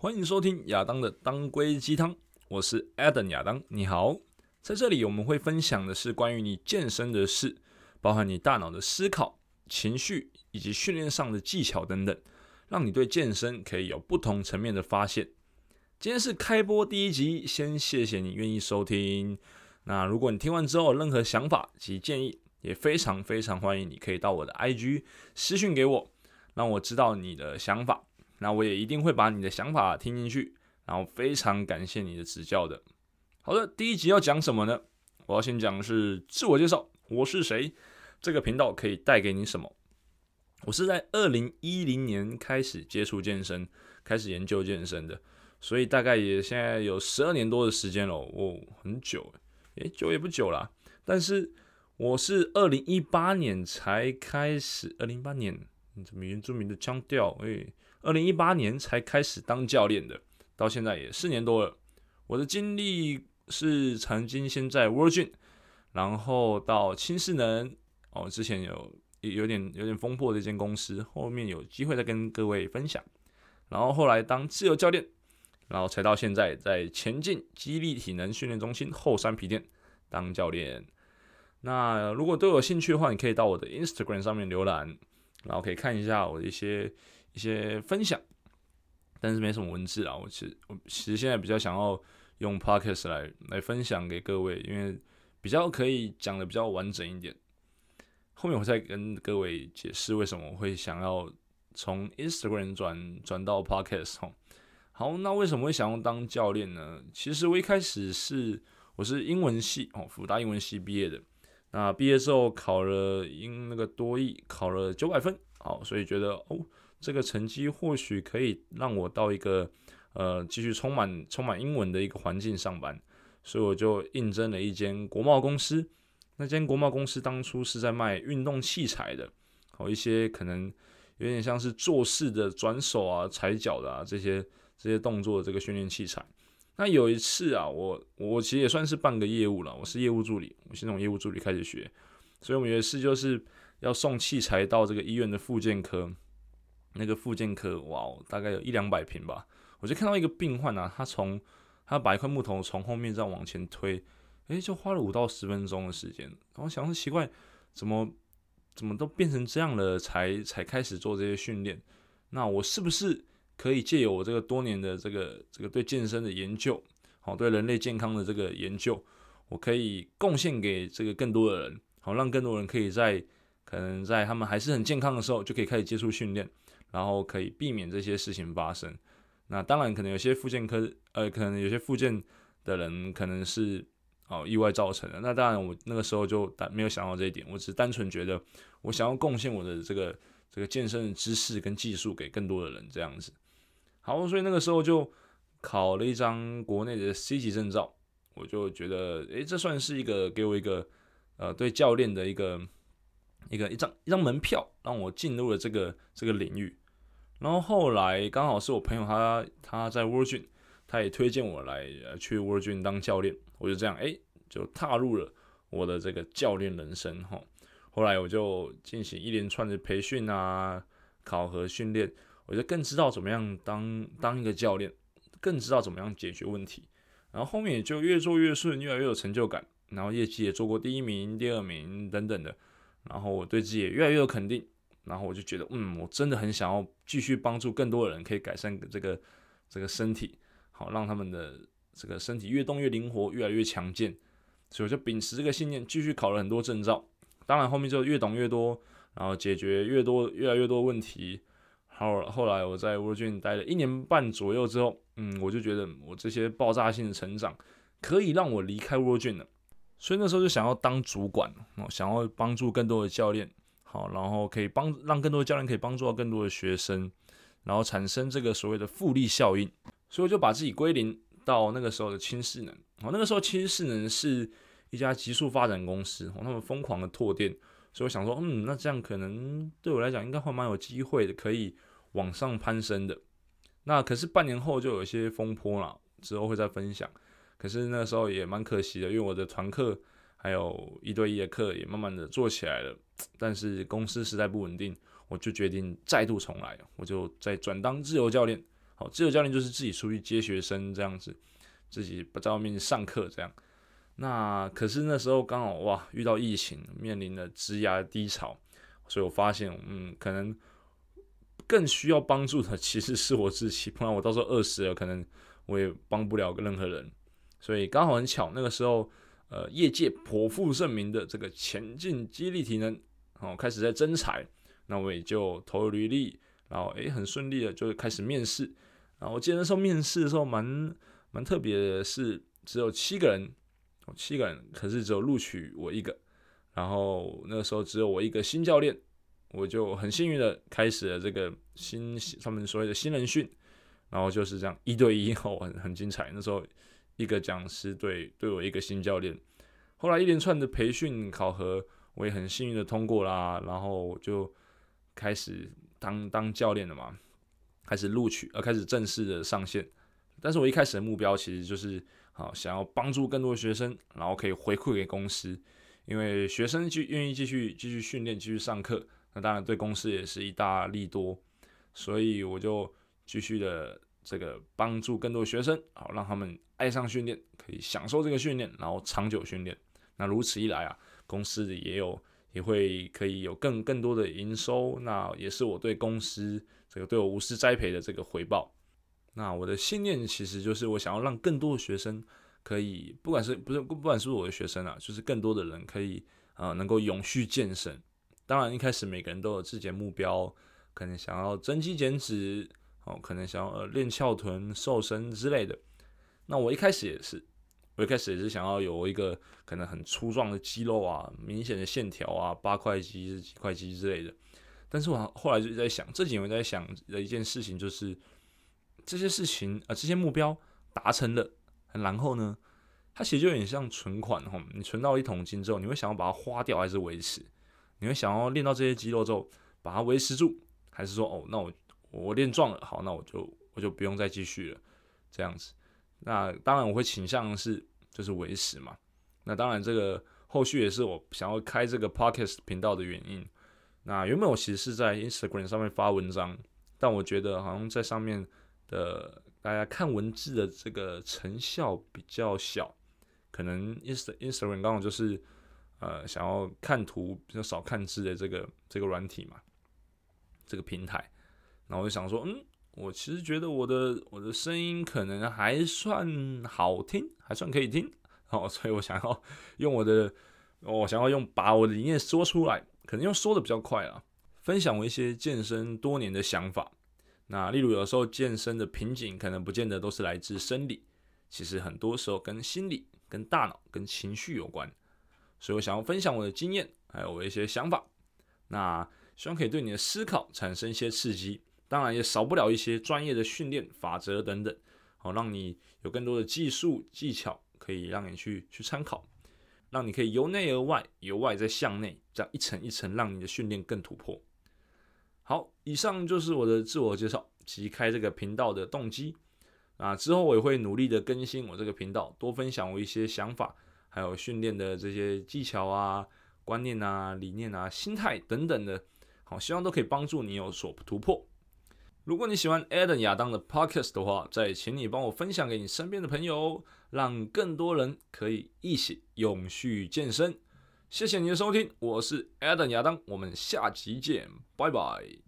歡迎收聽亞當的當歸肌湯，我是 Adam 亞當，你好，在這裡我們會分享的是關於你健身的事，包含你大腦的思考、情緒以及訓練上的技巧等等，讓你對健身可以有不同層面的發現。今天是開播第一集，先謝謝你願意收聽。那如果你聽完之後有任何想法及建議，也非常非常歡迎，你可以到我的 IG 私訊給我，讓我知道你的想法。那我也一定會把你的想法聽進去，然後非常感謝你的指教的。好的，第一集要講什麼呢？我要先講的是自我介紹，我是誰？這個頻道可以帶給你什麼？我是在二零一零年開始接觸健身，開始研究健身的，所以大概也現在有十二年多的時間了。我、哦、很久，哎、欸，久也不久啦。但是我是二零一八年才開始，二零一八年，你怎麼原住民的腔調？誒、欸。二零一八年才開始當教練的，到現在也四年多了。我的經歷是曾經先在 World Gym，然後到輕適能，哦，之前有有點有點風波的一間公司，後面有機會再跟各位分享。然後後來當自由教練，然後才到現在在前勁肌力體能訓練中心後山埤店當教練。那如果都有興趣的話，你可以到我的 Instagram 上面瀏覽，然後可以看一下我的一些。一些分享，但是沒什麼文字啊。我其實我其實現在比較想要用 Podcast 來來分享給各位，因為比較可以講的比較完整一點。後面我再跟各位解釋為什麼我會想要從 Instagram 轉轉到 Podcast 哦。好，那為什麼會想要當教練呢？其實我一開始是我是英文系哦，輔大英文系畢業的。那畢業之後考了英那個多益，考了九百分。好，所以覺得哦，這個成績，或許可以讓我到一個呃繼續充滿充滿英文的一個環境上班，所以我就應徵了一間國貿公司。那間國貿公司當初是在賣運動器材的，好，一些可能有點像是做事的轉手啊、踩腳的啊，這些這些動作的這個訓練器材。那有一次啊，我我其實也算是半個業務了，我是業務助理，我們先從業務助理開始學，所以我們的事就是。要送器材到這個醫院的復健科，那個復健科哇，大概有一兩百平吧。我就看到一個病患啊，他從他把一塊木頭從後面這樣往前推，哎，就花了五到十分鐘的時間。然後想是奇怪，怎麼怎麼都變成這樣了才才開始做這些訓練？那我是不是可以借由我這個多年的這個這個對健身的研究，好，對人類健康的這個研究，我可以貢獻給這個更多的人，好，讓更多人可以在。可能在他們還是很健康的時候，就可以開始接觸訓練，然後可以避免這些事情發生。那當然，可能有些復健科，呃，可能有些復健的人，可能是哦意外造成的。那當然，我那個時候就沒有想到這一點，我只是單純覺得我想要貢獻我的這個這個健身的知識跟技術給更多的人這樣子。好，所以那個時候就考了一張國內的 C 級證照，我就覺得，哎、欸，這算是一個給我一個呃對教練的一個。一個一張一張門票，讓我進入了這個這個領域。然後後來剛好是我朋友他，他他在 World Gym，他也推薦我來去 World Gym 當教練。我就這樣哎，就踏入了我的這個教練人生哈。後來我就進行一連串的培訓啊、考核訓練，我就更知道怎麼樣當當一個教練，更知道怎麼樣解決問題。然後後面也就越做越順，越來越有成就感。然後業績也做過第一名、第二名等等的。然後我對自己也越來越有肯定，然後我就覺得，嗯，我真的很想要繼續幫助更多的人，可以改善這個這個身體，好讓他們的這個身體越動越靈活，越來越強健。所以我就秉持這個信念，繼續考了很多證照。當然後面就越懂越多，然後解決越多越來越多問題。後後來我在 World Gym 待了一年半左右之後，嗯，我就覺得我這些爆炸性的成長，可以讓我離開 World Gym 了。所以那時候就想要當主管，哦，想要幫助更多的教練，好，然後可以幫，讓更多的教練可以幫助到更多的學生，然後產生這個所謂的複利效應。所以我就把自己歸零到那個時候的輕適能，哦，那個時候輕適能是一家極速發展公司，哦，他們瘋狂的拓店。所以我想說，嗯，那這樣可能對我來講應該會蠻有機會的，可以往上攀升的。那可是半年後就有一些風波了，之後會再分享。可是那時候也蠻可惜的，因為我的團課還有一對一的課也慢慢的做起來了，但是公司實在不穩定，我就決定再度重來，我就再轉當自由教練。好，自由教練就是自己出去接學生這樣子，自己不在外面上課這樣。那可是那時候剛好哇，遇到疫情，面臨的職涯低潮，所以我發現，嗯，可能更需要幫助的其實是我自己，不然我到時候餓死了，可能我也幫不了任何人。所以剛好很巧，那個時候，呃，業界頗負盛名的這個前勁肌力體能，然後開始在徵才，那我也就投了履歷，然後誒，很順利的就開始面試。然後我記得那時候面試的時候蠻蠻特別的是，是只有七個人，七個人，可是只有錄取我一個。然後那個時候只有我一個新教練，我就很幸運的開始了這個新他們所謂的新人訓，然後就是這樣一對一哦，很很精彩。那時候。一個講師對，對我一個新教練，後來一連串的培訓考核，我也很幸運的通過啦、啊，然後就開始當當教練了嘛，開始錄取，呃，開始正式的上線。但是我一開始的目標其實就是，好想要幫助更多學生，然後可以回饋給公司，因為學生就願意繼續繼續訓練，繼續上課，那當然對公司也是一大利多，所以我就繼續的。這個幫助更多學生，好讓他們愛上訓練，可以享受這個訓練，然後長久訓練。那如此一來啊，公司裡也有也會可以有更更多的營收。那也是我對公司這個對我無私栽培的這個回報。那我的信念其實就是我想要讓更多的學生可以，不管是不是不管是不是我的學生啊，就是更多的人可以啊，呃，能夠永續健身。當然一開始每個人都有自己的目標，可能想要增肌減脂。哦，可能想要呃練翹臀、瘦身之類的。那我一開始也是，我一開始也是想要有一個可能很粗壯的肌肉啊，明顯的線條啊，八塊肌、十幾塊肌之類的。但是我後來就在想，這幾年我在想的一件事情就是，這些事情啊、呃，這些目標達成了，然後呢，它其實就有點像存款哈、哦。你存到一桶金之後，你會想要把它花掉還是維持？你會想要練到這些肌肉之後把它維持住，還是說哦，那我？我練壯了，好，那我就我就不用再繼續了，這樣子。那當然我會傾向是就是維持嘛。那當然這個後續也是我想要開這個 podcast 頻道的原因。那原本我其實是在 Instagram 上面發文章，但我覺得好像在上面的大家看文字的這個成效比較小，可能 Inst Instagram 剛好就是呃想要看圖比較少看字的這個這個軟體嘛，這個平台。然後我就想說，嗯，我其實覺得我的我的聲音可能還算好聽，還算可以聽。然後，哦，所以我想要用我的，哦、我想要用把我的經驗說出來，可能用說的比較快了，分享我一些健身多年的想法。那例如，有時候健身的瓶頸可能不見得都是來自生理，其實很多時候跟心理、跟大腦、跟情緒有關。所以，我想要分享我的經驗，還有我一些想法。那希望可以對你的思考產生一些刺激。當然也少不了一些專業的訓練法則等等，好讓你有更多的技術技巧可以讓你去去參考，讓你可以由內而外，由外在向內，這樣一層一層讓你的訓練更突破。好，以上就是我的自我介紹及開這個頻道的動機。啊，之後我也會努力的更新我這個頻道，多分享我一些想法，還有訓練的這些技巧啊、觀念啊、理念啊、心態等等的，好，希望都可以幫助你有所突破。如果你喜歡 Adam 亞當的 Podcast 的話，再請你幫我分享給你身邊的朋友，讓更多人可以一起永續健身。謝謝你的收聽，我是 Adam 亞當，我們下期見，拜拜。